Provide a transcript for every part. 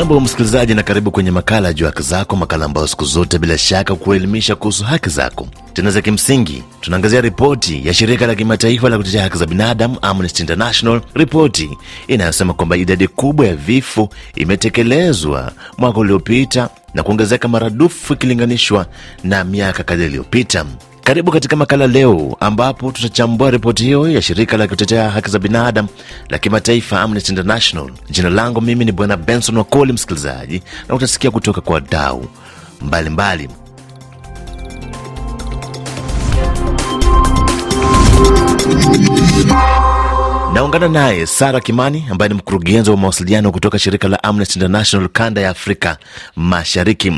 wa msikilizaji, na karibu kwenye makala ya juu haki zako, makala ambayo siku zote bila shaka kuelimisha kuhusu haki zako tena za kimsingi. Tunaangazia ripoti ya shirika la kimataifa la kutetea haki za binadamu Amnesty International, ripoti inayosema kwamba idadi kubwa ya vifo imetekelezwa mwaka uliopita na kuongezeka maradufu ikilinganishwa na miaka kadhaa iliyopita. Karibu katika makala leo, ambapo tutachambua ripoti hiyo ya shirika la kutetea haki za binadamu la kimataifa Amnesty International. Jina langu mimi ni Bwana Benson Wakoli, msikilizaji, na utasikia kutoka kwa wadau mbalimbali. Naungana naye Sara Kimani ambaye ni mkurugenzi wa mawasiliano kutoka shirika la Amnesty International kanda ya Afrika Mashariki.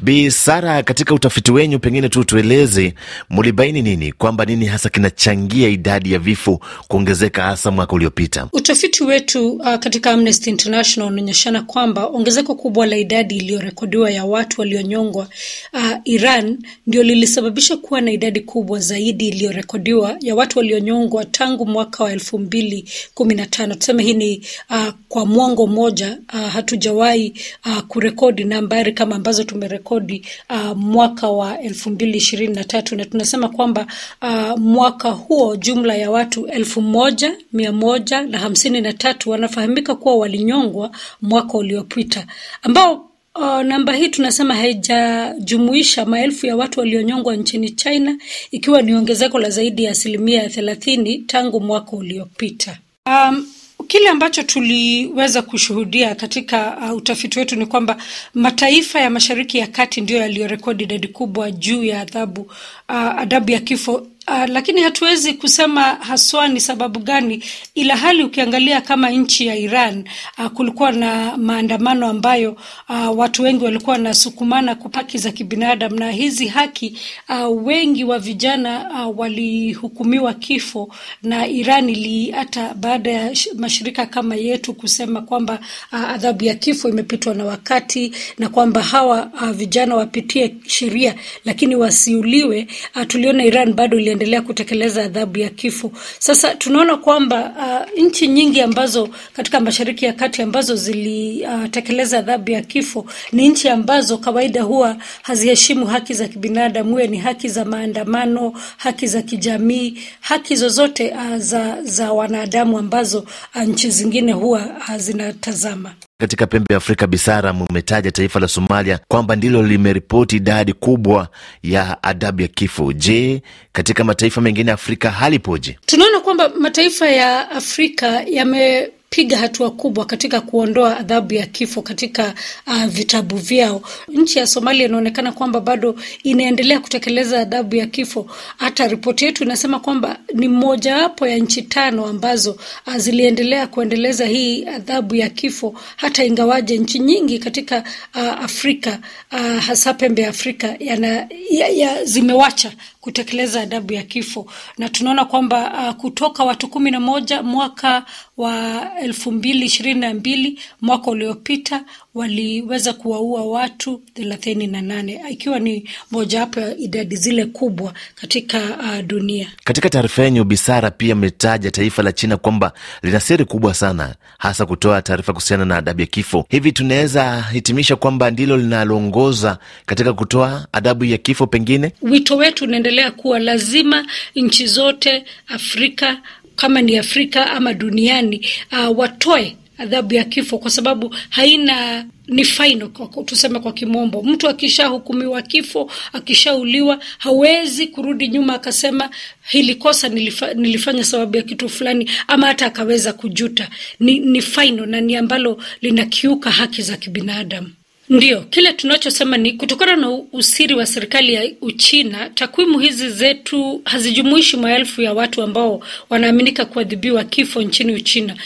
Bi Sara, katika utafiti wenyu, pengine tu tueleze mulibaini nini, kwamba nini hasa kinachangia idadi ya vifo kuongezeka hasa mwaka uliopita? Utafiti wetu uh, katika Amnesty International unaonyeshana kwamba ongezeko kubwa la idadi iliyorekodiwa ya watu walionyongwa uh, Iran ndio lilisababisha kuwa na idadi kubwa zaidi iliyorekodiwa ya watu walionyongwa tangu mwaka wa elfu mbili mbili kumi na tano. Tuseme hii ni uh, kwa mwongo mmoja uh, hatujawahi uh, kurekodi nambari kama ambazo tumerekodi uh, mwaka wa elfu mbili ishirini na tatu na tunasema kwamba uh, mwaka huo jumla ya watu elfu moja mia moja na hamsini na tatu wanafahamika kuwa walinyongwa mwaka uliopita ambao O, oh, namba hii tunasema haijajumuisha maelfu ya watu walionyongwa nchini China ikiwa ni ongezeko la zaidi ya asilimia thelathini tangu mwaka uliopita. Um, kile ambacho tuliweza kushuhudia katika uh, utafiti wetu ni kwamba mataifa ya Mashariki ya Kati ndiyo yaliyorekodi idadi kubwa juu ya adhabu uh, adabu ya kifo Uh, lakini hatuwezi kusema haswa ni sababu gani, ila hali ukiangalia kama nchi ya Iran uh, kulikuwa na maandamano ambayo uh, watu wengi walikuwa wanasukumana kupaki za kibinadamu na hizi haki uh, wengi wa vijana uh, walihukumiwa kifo na Iran ili hata baada ya mashirika kama yetu kusema kwamba uh, adhabu ya kifo imepitwa na wakati na kwamba hawa uh, vijana wapitie sheria lakini wasiuliwe, uh, tuliona Iran bado ili waliendelea kutekeleza adhabu ya kifo. Sasa tunaona kwamba uh, nchi nyingi ambazo katika Mashariki ya Kati ambazo zilitekeleza uh, adhabu ya kifo ni nchi ambazo kawaida huwa haziheshimu haki za kibinadamu, huwe ni haki za maandamano, haki za kijamii, haki zozote uh, za, za wanadamu ambazo uh, nchi zingine huwa uh, zinatazama. Katika pembe ya Afrika, Bisara, mumetaja taifa la Somalia kwamba ndilo limeripoti idadi kubwa ya adabu ya kifo. Je, katika mataifa mengine ya Afrika halipoje? Tunaona kwamba mataifa ya Afrika yame wamepiga hatua kubwa katika kuondoa adhabu ya kifo katika uh, vitabu vyao. Nchi ya Somalia inaonekana kwamba bado inaendelea kutekeleza adhabu ya kifo. Hata ripoti yetu inasema kwamba ni mojawapo ya nchi tano ambazo uh, ziliendelea kuendeleza hii adhabu ya kifo, hata ingawaje nchi nyingi katika uh, Afrika uh, hasa pembe ya Afrika yana, ya, ya, zimewacha kutekeleza adabu ya kifo, na tunaona kwamba uh, kutoka watu kumi na moja mwaka wa elfu mbili ishirini na mbili mwaka uliopita waliweza kuwaua watu thelathini na nane ikiwa ni mojawapo ya idadi zile kubwa katika uh, dunia. Katika taarifa yenyu, Bisara pia ametaja taifa la China kwamba lina siri kubwa sana, hasa kutoa taarifa kuhusiana na adabu ya kifo. Hivi tunaweza hitimisha kwamba ndilo linaloongoza katika kutoa adabu ya kifo? Pengine wito wetu unaendelea kuwa lazima nchi zote Afrika kama ni Afrika ama duniani uh, watoe adhabu ya kifo kwa sababu haina ni faino tuseme kwa kimombo. Mtu akishahukumiwa kifo, akishauliwa, hawezi kurudi nyuma akasema hili kosa nilifa, nilifanya sababu ya kitu fulani, ama hata akaweza kujuta. Ni, ni faino na ni ambalo linakiuka haki za kibinadamu. ndio kile tunachosema ni kutokana na usiri wa serikali ya Uchina, takwimu hizi zetu hazijumuishi maelfu ya watu ambao wanaaminika kuadhibiwa kifo nchini Uchina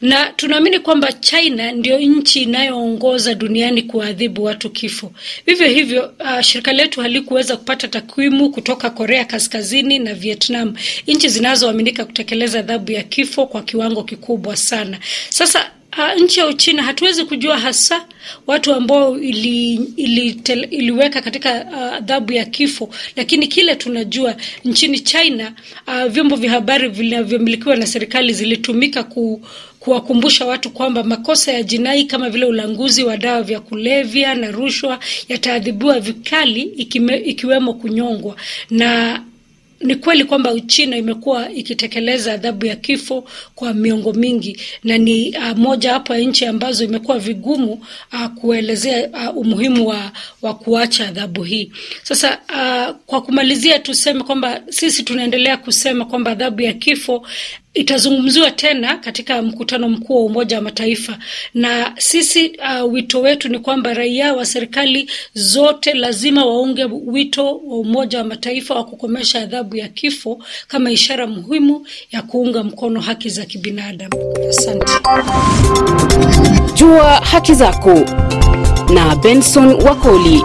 na tunaamini kwamba China ndio nchi inayoongoza duniani kuwaadhibu watu kifo. Vivyo hivyo, uh, shirika letu halikuweza kupata takwimu kutoka Korea Kaskazini na Vietnam, nchi zinazoaminika kutekeleza adhabu ya kifo kwa kiwango kikubwa sana. Sasa Ha, uh, nchi ya Uchina hatuwezi kujua hasa watu ambao ili, ili tel, iliweka katika uh, adhabu uh, ya kifo, lakini kile tunajua nchini China uh, vyombo vya habari vinavyomilikiwa na serikali zilitumika ku kuwakumbusha watu kwamba makosa ya jinai kama vile ulanguzi wa dawa vya kulevya na rushwa yataadhibiwa vikali ikime, ikiwemo kunyongwa na ni kweli kwamba Uchina imekuwa ikitekeleza adhabu ya kifo kwa miongo mingi na ni uh, moja hapo ya nchi ambazo imekuwa vigumu uh, kuelezea uh, umuhimu wa, wa kuacha adhabu hii. Sasa uh, kwa kumalizia, tuseme kwamba sisi tunaendelea kusema kwamba adhabu ya kifo itazungumziwa tena katika mkutano mkuu wa Umoja wa Mataifa, na sisi uh, wito wetu ni kwamba raia wa serikali zote lazima waunge wito wa Umoja wa Mataifa wa kukomesha adhabu ya kifo kama ishara muhimu ya kuunga mkono haki za kibinadamu. Asante. Jua haki zako na Benson Wakoli.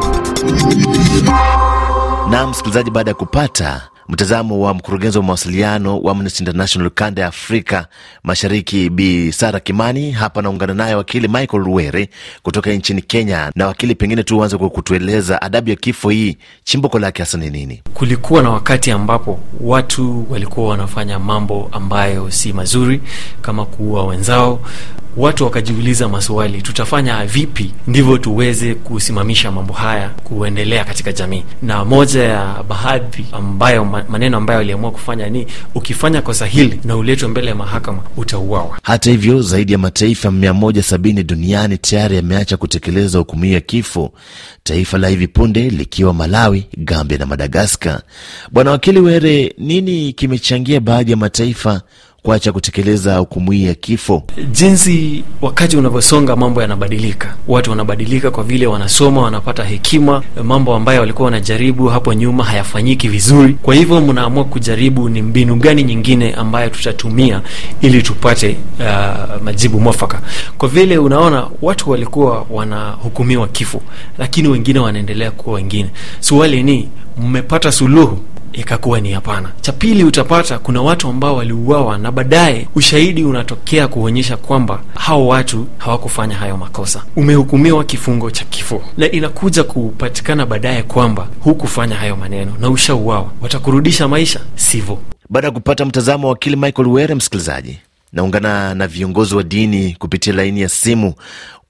Na msikilizaji, baada ya kupata Mtazamo wa mkurugenzi wa mawasiliano wa Amnesty International kanda ya Afrika Mashariki, Bi Sara Kimani. Hapa naungana naye wakili Michael Luere kutoka nchini Kenya. Na wakili, pengine tu uanze kwa kutueleza adabu ya kifo hii, chimbuko lake hasa ni nini? Kulikuwa na wakati ambapo watu walikuwa wanafanya mambo ambayo si mazuri kama kuua wenzao, watu wakajiuliza maswali, tutafanya vipi ndivyo tuweze kusimamisha mambo haya kuendelea katika jamii. Na moja ya baadhi ambayo maneno ambayo aliamua kufanya ni ukifanya kosa hili na uletwe mbele ya mahakama utauawa. Hata hivyo, zaidi ya mataifa 170 duniani tayari yameacha kutekeleza hukumu ya kifo, taifa la hivi punde likiwa Malawi, Gambia na Madagaskar. Bwana wakili Were, nini kimechangia baadhi ya mataifa kuacha kutekeleza hukumu hii ya kifo? Jinsi wakati unavyosonga, mambo yanabadilika, watu wanabadilika kwa vile wanasoma, wanapata hekima. Mambo ambayo walikuwa wanajaribu hapo nyuma hayafanyiki vizuri, kwa hivyo mnaamua kujaribu ni mbinu gani nyingine ambayo tutatumia ili tupate uh, majibu mwafaka. Kwa vile unaona watu walikuwa wanahukumiwa kifo, lakini wengine wanaendelea kuwa wengine. Swali ni mmepata suluhu ikakuwa ni hapana. Cha pili, utapata kuna watu ambao waliuawa na baadaye ushahidi unatokea kuonyesha kwamba hao watu hawakufanya hayo makosa. Umehukumiwa kifungo cha kifo, na inakuja kupatikana baadaye kwamba hukufanya hayo maneno na ushauawa, watakurudisha maisha, sivo Baada ya kupata mtazamo wa wakili Michael Were, msikilizaji naungana na viongozi wa dini kupitia laini ya simu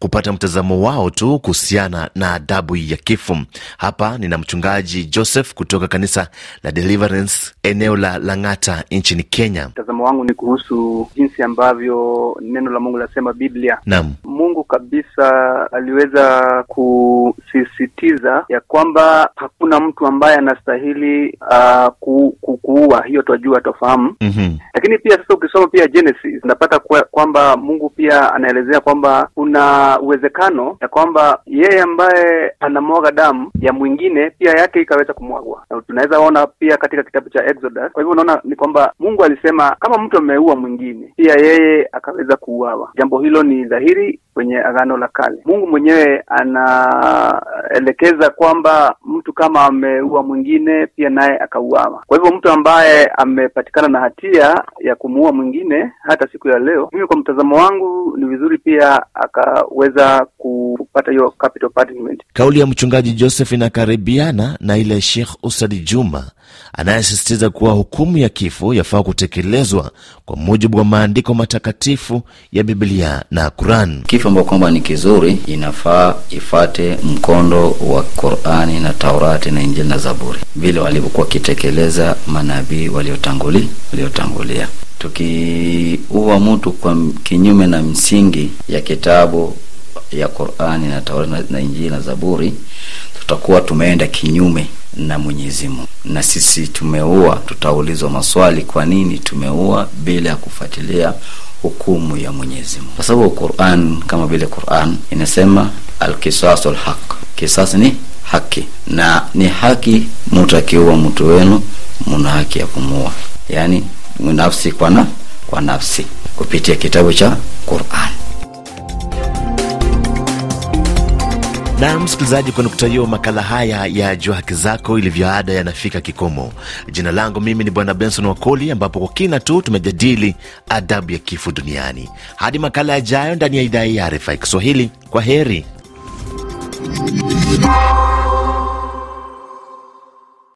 kupata mtazamo wao tu kuhusiana na adabu ya kifo. Hapa nina mchungaji Joseph kutoka kanisa la Deliverance eneo la Lang'ata nchini Kenya. Mtazamo wangu ni kuhusu jinsi ambavyo neno la Mungu lasema Biblia. Naam. Mungu kabisa aliweza kusisitiza ya kwamba hakuna mtu ambaye anastahili uh, ku, kuua. Hiyo twajua tofahamu. mm -hmm. Lakini pia sasa ukisoma pia Genesis unapata kwamba Mungu pia anaelezea kwamba kuna uwezekano ya kwamba yeye ambaye anamwaga damu ya mwingine pia yake ikaweza kumwagwa, na tunaweza ona pia katika kitabu cha Exodus. Kwa hivyo unaona ni kwamba Mungu alisema kama mtu ameua mwingine, pia yeye akaweza kuuawa. Jambo hilo ni dhahiri kwenye Agano la Kale. Mungu mwenyewe anaelekeza kwamba mtu kama ameua mwingine pia naye akauama Kwa hivyo mtu ambaye amepatikana na hatia ya kumuua mwingine hata siku ya leo, mimi kwa mtazamo wangu ni vizuri pia akaweza kupata hiyo capital punishment. Kauli ya mchungaji Joseph inakaribiana na ile shekh Usadi Juma anayesisitiza kuwa hukumu ya kifo yafaa kutekelezwa kwa mujibu wa maandiko matakatifu ya Biblia na Quran chombo kwamba ni kizuri, inafaa ifate mkondo wa Qur'ani na Taurati na Injili na Zaburi, vile walivyokuwa wakitekeleza manabii waliotangulia waliotangulia. Tukiua mtu kwa kinyume na msingi ya kitabu ya Qur'ani na Taurati na Injili na Zaburi, tutakuwa tumeenda kinyume na Mwenyezi Mungu na sisi tumeua, tutaulizwa maswali, kwa nini tumeua bila ya kufuatilia hukumu ya Mwenyezi Mungu, kwa sababu Qur'an, kama vile Qur'an inasema al haq, kisas ni haki na ni haki, akiua mtu wenu, muna haki ya kumuua, yani nafsi kwa na kwa nafsi, kupitia kitabu cha Qur'an. Na msikilizaji, kwa nukta hiyo, makala haya ya Jua Haki Zako ilivyoada yanafika kikomo. Jina langu mimi ni Bwana Benson Wakoli, ambapo kwa kina tu tumejadili adhabu ya kifo duniani. Hadi makala yajayo ndani ya idhaa ya RFI Kiswahili, kwa heri.